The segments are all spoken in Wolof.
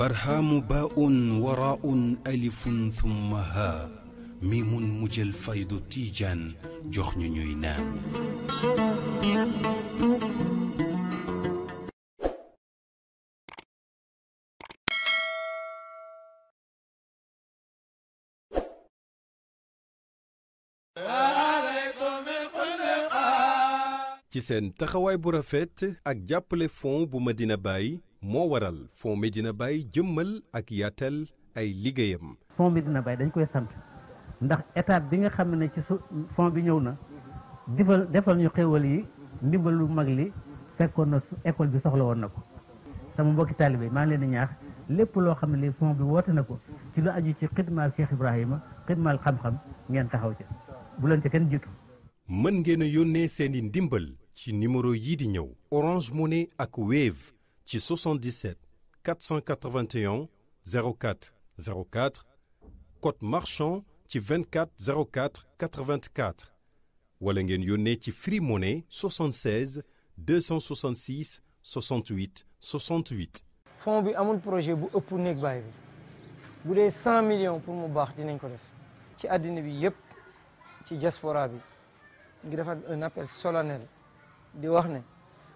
برهام باء وراء ألف ثم ها ميم مجل فيض تيجان جخن نينان ci seen taxawaay bu rafet ak jàppale fond bu Medina Baye moo waral Fonds Médina Baye jëmmal ak yaatal ay liggéeyam. Fonds Médina Baye dañ koy sant ndax étape bi nga xam ne ci su fonds bi ñëw na defal defal ñu xéwal yi ndimbal lu mag li fekkoon na école bi soxla woon na ko sama mbokki taalibe maa leen di ñaax lépp loo xam ne fon bi woote na ko ci lu aju ci xidmaal Cheikh Ibrahima xidmaal xam-xam ngeen taxaw ca bu leen ca kenn jiitu. mën ngeen a yónnee seeni ndimbal ci numéro yii di ñëw Orange Money ak ci 77 481 04 04 code marchand ci 24 04 84 wala ngeen yónnee ci Free Money 76 266 68 68. fonds bi amul projet bu ëpp néeg baay bi bu 100 millions pour mu baax dinañ ko def ci àddina bi yépp ci diaspora bi ngi un appel solennel di wax ne.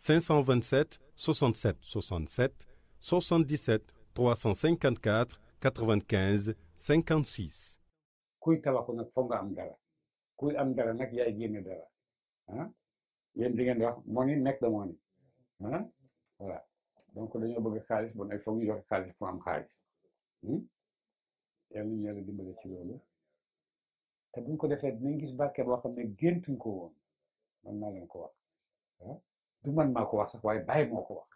527 67 67 77 354 95 56. kuy tabaxu nag foog nga am dara kuy am dara nag yaay génne dara ah yéen di ngeen di wax ah, moo ni nekk da moo ni ah? voilà donc dañoo bëgg xaalis bu ay foog ñu joxe xaalis pour am xaalis hmm? yàlla ñu yàlla dimbale ci loolu te buñ ko defee dinañ gis barke boo xam ne géntuñ ko woon man naa leen ko wax ah du man maa ko wax sax waaye bàyyi moo ko wax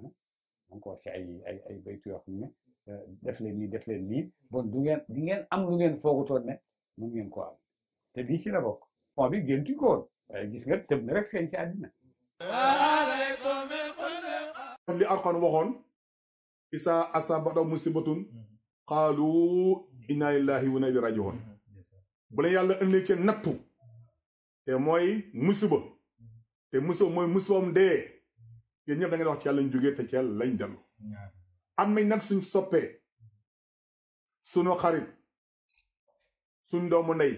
ma ngi ko wax ci ay ay baytu yoo xam ne euh, def leen nii def leen nii bon du ngeen di ngeen am lu ngeen foogutoon ne mu ngeen ko am te bii ci la bokk fond bi géntuñ ko waaye gis nga tëb na rek feeñ ci àddina li Alxuraan waxoon isa asabada musibatun qaalu inna lillahi wa inna ilayhi rajiun mm-hmm. bu leen yàlla ëndee ci nattu te mooy musiba te musoo mooy musoom dee yéen ñëpp da ngeen wax ci yàlla lañ jógee te ci yàlla lañ dellu am nañ nag suñ soppee suñu xarit suñ doomu ndey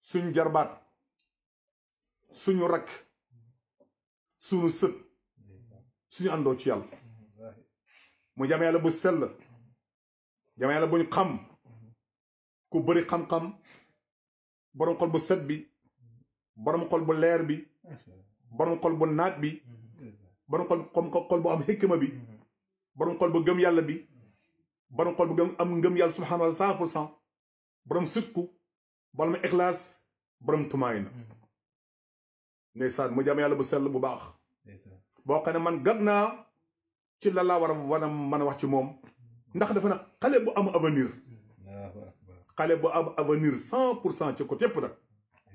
suñ jarbaat suñu rakk suñu sët suñu àndoo ci yàlla mu jame yàlla bu sell jame yàlla buñ xam ku bëri xam-xam borom xol bu set bi borom xol bu leer bi borom xol bu naat bi borom xol xom xol bu am xikma bi borom xol bu gëm yàlla bi borom xol bu gëm am ngëm yàlla subhanahu wa cent pour cent borom sitku borom ixlaas borom tumaay na ndeysaan mu jàmm yàlla bu sell bu baax boo xam ne man gag naa ci la laa war a war a mën a wax ci moom ndax dafa na xale bu am avenir xale bu am avenir cent pour cent ci côté yëpp nag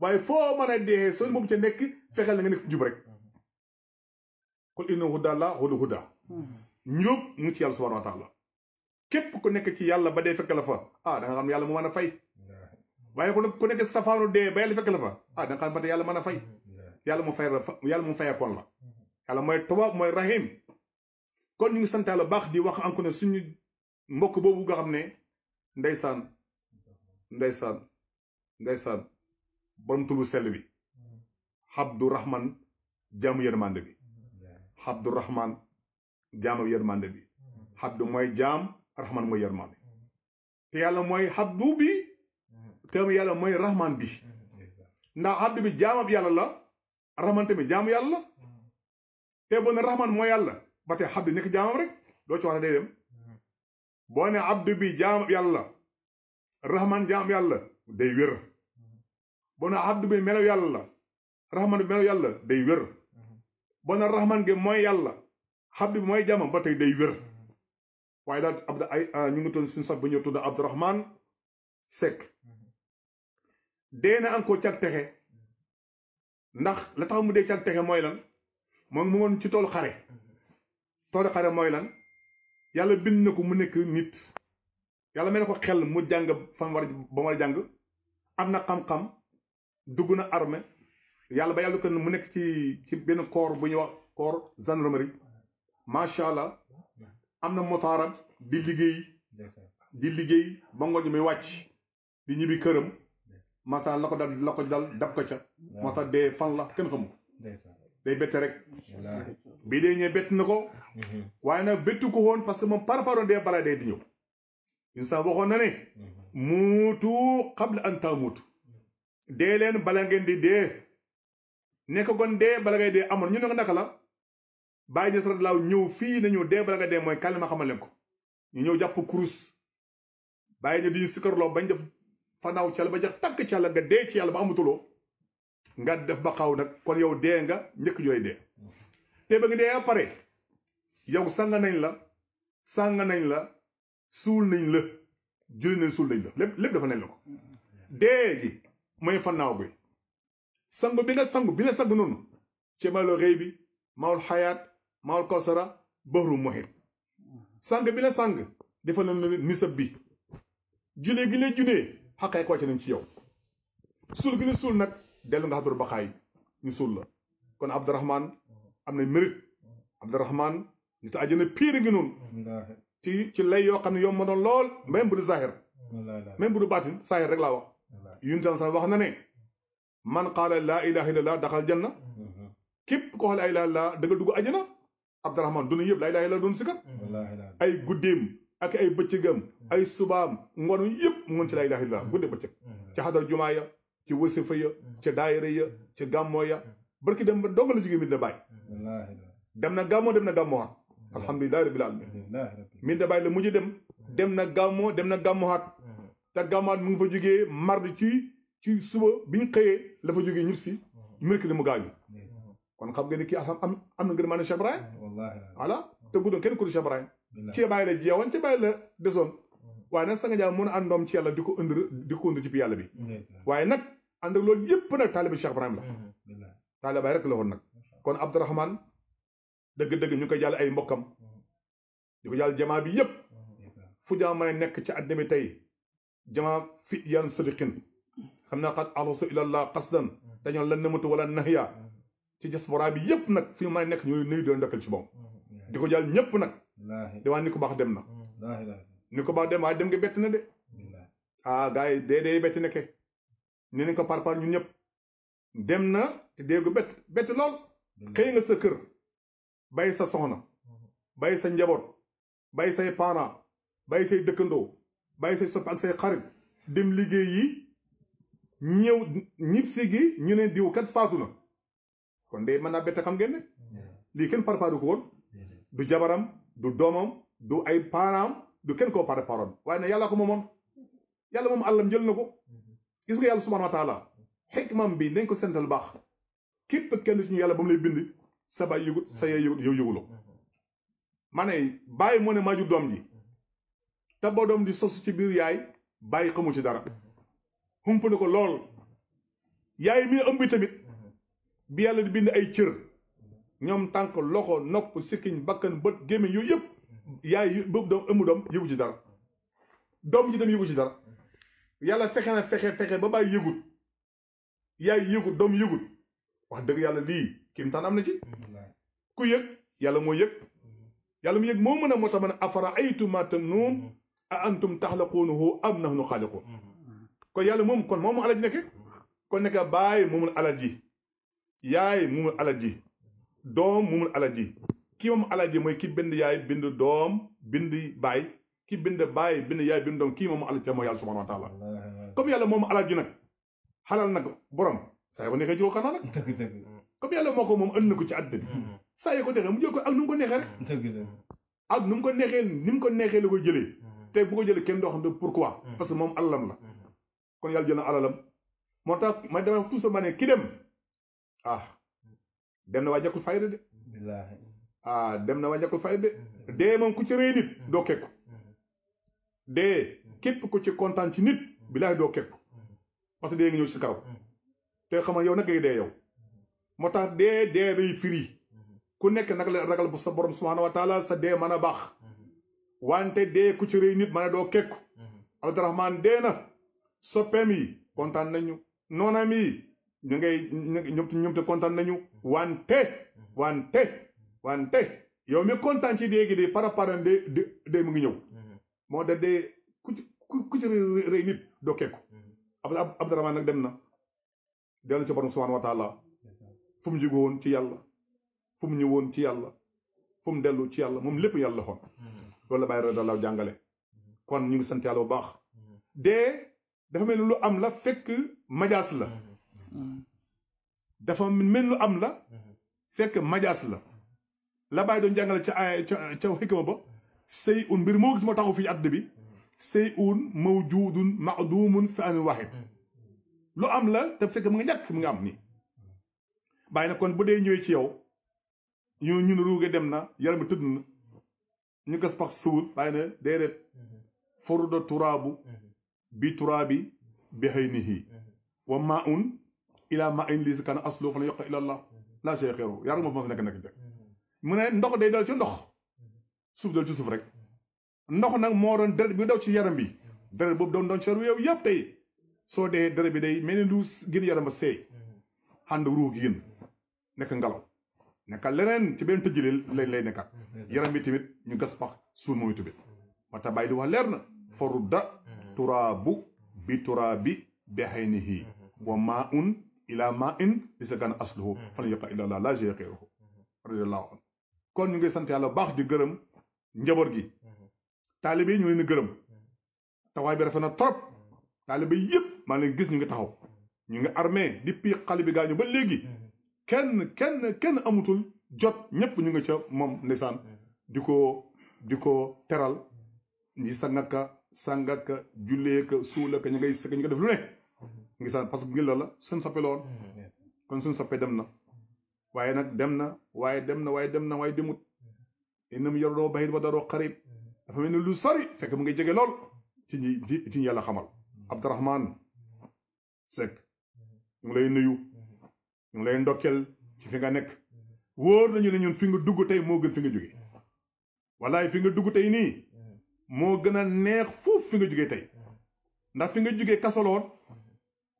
waaye foo mën a dee soo moom ca nekk fexee la nga nekk jub rek qul inna huda la hulu njub mu ngi ci yàlla subhanahu képp ku nekk ci yàlla ba dee fekk la fa ah da nga xam ne yàlla mu mën a fay waaye ku nekk ku nekk safaaru dee ba yàlla fekk la fa ah da yàlla mën a fay yàlla mu fay yàlla mu fayakoon la yàlla mooy tawaab mooy rahim kon ñu ngi sant yàlla baax di wax encore ne suñu mbokk boobu nga xam ne ndeysaan ndeysaan ndeysaan bant bu sel bi Abdourahman jaamu yërmande bi Abdourahman jaamu yërmande bi Abdu mooy jaam Rahman mooy yërmande te yàlla mooy Abdu bi te yàlla moy Rahman bi ndax Abdu bi jaamab yàlla la Rahman tamit jaamu yàlla la te boo ne Rahman mooy yàlla ba tey Abdu nekk jaamam rek doo ci wax day dem boo ne Abdu bi jaamab yàlla la Rahman jaam yàlla day wér. bona abdu bi melo yalla rahman bi melaw Allah, day wér bona rahman ge moy yalla habbi moy jama ba tay day wér waaye dal abdu ay ah, ñu ngi ton suñu sax bu ñëw tudd abdurahman sekk dee na encore ciak texe ndax la taw mu de ciak texe moy lan mo mu ngoon ci toolu xare xare moy lan yalla bind nako mu nek nit yalla mel ko xel mu jang fam war ba war jang amna xam-xam dugg na arme yàlla ba yàlla ko mu nekk ci ci benn koor bu ñuy wax corps gendarmerie macha allah am na motaaram di liggéey di liggéey ba ngoon muy wàcc di ñibbi këram macha la ko dal la ko dal dab ko ca moo tax dee fan la kenn xamu day bette rek bii dee ñee bett na ko mhm. waaye nag bettu ko woon parce que moom par rapport dee balaa dee di ñëw insa waxoon na ne mhm. muutu qabla an tamuutu dee leen bala ngeen di dee nekk kon dee bala ngay dee amoon ñu ne ko naka la bàyyi des radlaaw ñëw fii nañu dee bala nga dee mooy kàll ma xamal ko ñu ñëw jàpp kurus bàyyi ñu diñu sikkarloo bañ def fanaaw ci la ba jax takk ci yàlla nga dee ci yàlla ba amatuloo nga def ba xaw nag kon yow dee nga njëkk jooy dee te ba nga dee pare yow sàng nañ la sàng nañ la suul nañ la julli nañ lépp lépp dafa nañ la ko dee gi mooy fannaaw bi sangu bi nga sangu bi la sangu noonu ci maalo rëy bi maawul xayaat maawul kawsara bahru muhit sang bi na la sang dafa na nisab bi julee gi lay julee xaqay ko ci nañ ci yow suul gi ñu suul nag dellu nga xadur baqaay ñu suul la kon abdurahman am na mérite abdurahman nit àjjana piir ngi noonu ci ci lay yoo xam ne yomb na lool même bu du zahir même bu baatin zahir rek laa wax yuntal sax wax na ne man qaala laa ilaha illallah daxal janna mhm. képp ko wax laa ilaha illallah da nga dugg ajana abdurahman duna yëpp laa ilaha illallah doon sikkat ay guddeem ak ay bëccëgam mhm. ay subaam ngoon yëpp mu ngi ci laa ilaha illallah mhm. gudde bëccëg ci xadar jumaa ya ci wasifa ya ci daayira ya ci gàmmoo barki dem ba dong la jógee Medina Baye dem na gàmmoo dem na gàmmoo alhamdulilahi rabbil alamin Medina Baye la mujj dem te gàmmaat mu ngi fa jógee mardi ci ci suba bi ñu xëyee la fa jógee ñib si mhm. mercredi mu gaañu mhm. kon xam nga ni kii am am am na gën maa ne Cheikh Ibrahim ah, voilà te guddoon kenn ku dul Cheikh Ibrahim ci bàyyi la jeewoon ci bàyyi la desoon mhm. waaye nag sanga jaam mën a àndoom ci yàlla di ko ëndir di ci bi yàlla bi waaye nag ànd ak loolu yëpp nag taalibi Cheikh Ibrahim la taalibaay rek la woon nag kon Abdourahman dëgg-dëgg ñu koy jàll ay mbokkam ñu ko jàll jamaa bi yëpp fu jaam mën a nekk ci àddina bi tey jama fi yan sadiqin xam naa xat alosu ilallah qasdan dañoo la namatu wala nahya ci diaspora bi yëpp nag fi ma nekk ñu nuyu doon ndokkal ci moom di ko jàll ñëpp nag di waa ni ko baax dem na ni ko baax dem waaye dem nga bett na de ah gars yi dee dee bett nekke ne nañ ko par par ñun ñëpp dem na te déegu bett bett lool xëy nga sa kër bàyyi sa soxna bàyyi sa njaboot bay say parents bàyyi say dëkkandoo bàyyi say sopp ak say xarit dem liggéey yi ñëw ñib gi ñu ne diw kat faatu na kon de man naa bett xam ngeen lii kenn parpaaru ko du jabaram du doomam du ay param du kenn koo pare paroon waaye na yàlla ko moomoon yàlla moom àllam jël na ko mm-hmm. gis nga yàlla subhaanahu wa taala xikmam bi nañ ko sental baax képp kenn suñu yàlla ba mu lay bind sa baay yëgut sa yaay yëgut yow yëguloo mm-hmm. ma bàyyi moo ne maa doom ji ta boo di sos ci bir yaay baye xamu ci dara hump na ko yaay mi ëmb tamit bi yalla di bind ay cër ñom tank loxo nopp sikkiñ bakkan beut gemi yu yep yaay boobu dom ëmb dom yegu ci dara dom ji dem yegu ci dara yalla fexé na fexé fexé ba baye yegut yaay yëgut dom yegut wax deug yalla li kim tan amna ci ku yek yalla mo yek yalla mo yek mo meuna mo moo tax ma ne afara aytu ma a antum taxlaquunahu am nahnu xaaliquun mm-hmm. kon yàlla moom kon moom alal ji nekke mm-hmm. kon nekk baay moomul alal ji yaay moomul alal ji doom moomul alal ji ki moom alal ji mooy ki yaay bind doom bind baay ki bind baay bind yaay bind doom kii moom alal ji mooy yàlla subhanahu wa taala comme yàlla moom alal ji nag xalal nag borom saa yi ko yàlla moo ko moom ënd ko ci àddina bi mm-hmm. yi ko neexee mu jël ko ak nu mu ko neexee nu mu ko neexee ni mu ko neexee la ko jëlee tey bu ko jël kenn do xam pourquoi. Hmm. parce que mom alalam la. Hmm. kon yalla jël alalam. motax ma dama tout ki dem ah dem na wajakul fayda de. ah dem na wajakul fayda de. mom hmm. ku ci reey nit do kek de kep ku ci content ci nit bilaay do kek parce que de nga ñew ci kaw. te xama yow nak ngay yow. motax firi. ku nek nak la ragal bu sa borom subhanahu wa taala sa mana bax wante dee ku ci rëy nit ma ne doo kekku mhm. abdourahman dee na soppeem yi kontaan nañu noonam yi ñu ngay ñoom ñoom te kontaan nañu mhm. wante mhm. wante wante yow mi kontaan ci dee gi de para para de de mu ngi ñëw moo da dee ku ci ku ci rëy nit doo kekku abdourahman nag dem na dellu na borom subhanahu wa taala fu mu jóge woon ci yàlla fu mu ñëw ci yàlla fu dellu ci yàlla moom lépp yàlla xoon loolu la Baye radiyallaahu jàngale mm-hmm. kon ñu ngi sant yàlla bu baax mm-hmm. dee dafa mel ni lu am la fekk majaas la mm-hmm. dafa mel ni lu am la fekk majaas la la Baye doon jàngale ca ca ca xikma ba sëy un mbir moo gis moo taxu fii àdd bi sëy un mawjudun fi anin waxid lu am la te fekk mu ngi ñàkk mu ngi am nii bàyyi na kon bu dee ñëwee ci yow ñu ñun ruuge dem na yaram bi tëdd na ñu gas pax suul bàyyi ne déedéet mhm. furuda turaabu mhm. bi turaabi bi haynihi mhm. wa maa un ilaa maa in lii si aslu fa la yoqa ila allah laa shay xeeru yaara moo fi ma nekk nekk jëkk mu ne ndox day dal ci ndox suuf dal ci suuf rek ndox nag moo doon deret bi daw ci yaram bi deret boobu doon doon ci yaram yow yëpp tey soo dee deret bi day mel ni lu gën yaram ba seey ànd ruux gi gën nekk ngelaw naka leneen ci benn tëjëleel lay lay nekkaat mm-hmm. yaram bi tamit ñu gas pax suul mooy tamit mata bàyyi di wax leer na farudda mm-hmm. turaabu bi turaabi bexaynihi mm-hmm. wa maa un ila maa in li sa gana asluhu fala yaqa illa laa laa jee xeeruhu radiallahu anhu kon ñu ngi sant yàlla baax di gërëm njaboot gi taalibe yi ñu leen gërëm tawaay bi rafet na trop taalibe yëpp maa leen gis ñu ngi taxaw ñu ngi armé depuis xale bi gaañu ba léegi kenn kenn kenn amutul jot ñëpp ñu nga ca moom ndeysaan di ko di ko teral ñi sangaka sangaka julleeka suulaka ñu ngay sëkk ñu ko def lu ne ngi saan parce que ngir la la suñ soppe loon kon suñ soppe dem na waaye nag dem na waaye dem na waaye dem na waaye demut inam yoroo bahit wa daroo xarib dafa mel ni lu sori fekk mu ngi jege lool ci ñi ci ñi yàlla xamal Abdourahmane Seck mu lay nuyu ñu ngi lay ndokkeel ci fi nga nekk wóor nañu ne ñun fi nga dugg tey moo gën fi nga jóge wallaay fi nga dugg tey nii moo gën a neex foofu fi nga jógee tey ndax fi nga jógee kaso la woon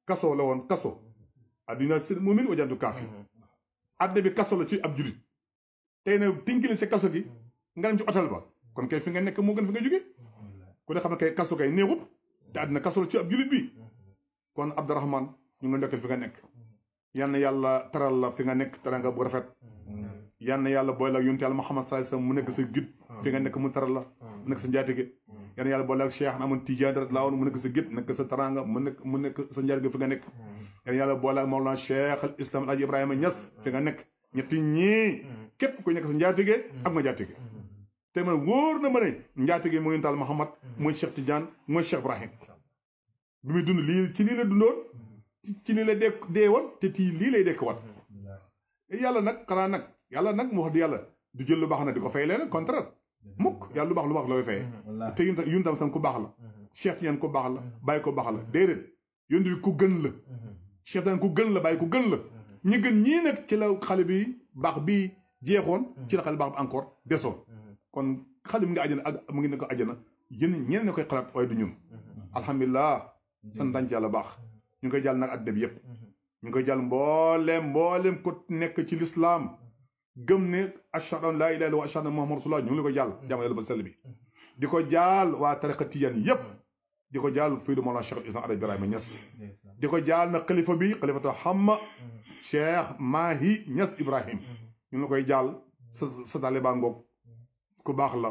kaso la woon kaso adduna si mumin wajantu kaafi adduna bi kaso la ci ab julit tey ne tinkili ci kaso gi nga dem ci otel ba kon kay fi nga nekk moo gën fi nga jóge ku ne xam ne kay kaso kay néexut te adduna kaso la ci ab julit bi kon Abdourahman ñu ngi ndokkeel fi nga nekk yalla yalla yàlla taral la fi nga nekk taranga bu rafet hmm. yalla yalla boy la ak yonent Muhammad sallallahu alaihi wasallam mu nek sa git fi nga nek mu taral la mu nekk sa hmm. hmm. njati yal yalla yalla boy la Cheikh amon tidiane dara laa mu nek sa git nek sa taranga mu nek mu nek sa njaatige fi nga nek yalla yalla boy la mawla Cheikh al Islam al ibrahim Ibrahima fi nga nek ñetti ñi kep ku nek sa njati ge ak ma njati ge te man woor na mané njati ge mooy yonent yàlla Muhammad mooy Cheikh tidiane mooy Cheikh Ibrahim bi mi dund li ci li la dundon ci li la dekk dee woon te tii lii lay dekk wat yàlla nag xanaa nag yàlla nag mu wax di yàlla du jël lu baax na di ko fay leen contraire mukk yàlla lu baax lu baax la koy fayee te yun yun tam sam ku baax la cheikh yan ku baax la bàyyi ko baax la déedéet yón bi ku gën la cheikh ku gën la bàyyi ku gën la ñi gën ñii nag ci la xale bi baax bii jeexoon ci la xale baax bi encore desoon kon xale mu ngi àjjana ak mu ngi nekk ko àjjana yéen ñeneen ne koy xalaat waaye du ñun alhamdulilah sant dañ ci yàlla baax ñu ngi koy jàll nag àddina bi yépp ñu ngi koy jàll mbooleem mbooleem ku nekk ci lislaam gëm ne ashhadu an laa ilaaha illallaah wa rasulullah ñu ngi ko jàll jàmm yàlla ba sell bi di ko jaal waa tariqa tijaan yépp di ko jaal fii du Mawlana Cheikh al Islam Alaaji Ibrahima Niass di ko jaal na xalifa bi xalifatu Hamma Cheikh Mahi Niass Ibrahim ñu ngi la koy jaal sa sa taaliba ngoog ku baax la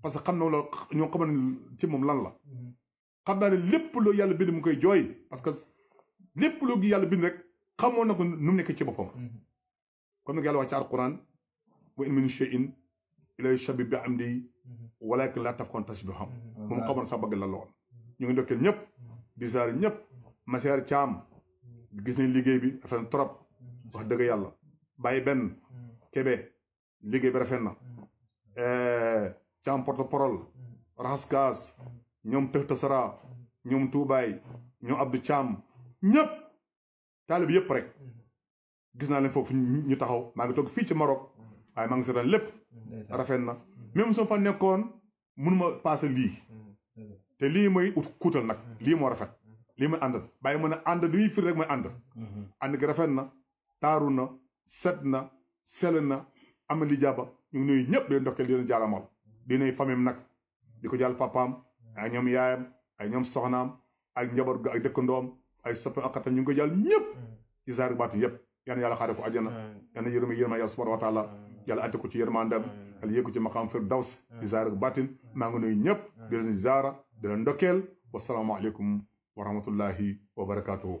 parce que xam na la ñoo xamal ci moom lan la mhm. xam naa ne lépp loo yàlla bind mu koy jooy parce que lépp loo yàlla bind rek xamoon na ko nu mu ci boppam comme mhm. nag yàlla wax ci alquran wa in min shay'in illa yusabbihu bi hamdihi mhm. walakin laa tafqahuuna tasbiihahum moom xamoon sax bëgg la lool ñu ngi ndokkeel ñëpp di saari ñëpp maseer caam gis nañ liggéey bi rafet na trop wax dëgg yàlla bàyyi benn kebe liggéey bi rafet na eh, Thiam porte-parole mm. raxas kaas mm. ñoom tëx tasara mm. ñoom tuubaay ñoom Abdou Thiam ñëpp taalib yëpp rek gis naa leen foofu ñu taxaw maa ngi toog fii ci Maroc waaye maa ngi lépp rafet na même soo fa nekkoon mun ma passé lii te lii mooy ut kuutal nag lii moo rafet lii mooy àndal bàyyi mën a ànd luy firi rek mooy ànd mm-hmm. ànd gi rafet na taaru na set na sel na amali jaba ñu ngi nuyu ñëpp leen ndokkeel leen jaaramal diiney famille nag di ko jàll papaam ay ñoom yaayam ay ñoom soxnaam ak njaboot ga ak dëkkandoom ay soppi ak ñu ngi ko jàll ñëpp ci zaahir baati yëpp yal na yàlla xaare ko àjjana yal na yërëm yërëm yàlla subhanahu wa taala yàlla àtte ko ci yërmandam yàlla yéeg ko ci maqaam firdaws ci zaahir baatin maa ngi nuyu ñëpp di leen ziara di leen ndokkeel wasalaamaaleykum wa rahmatullahi wa barakaatuhu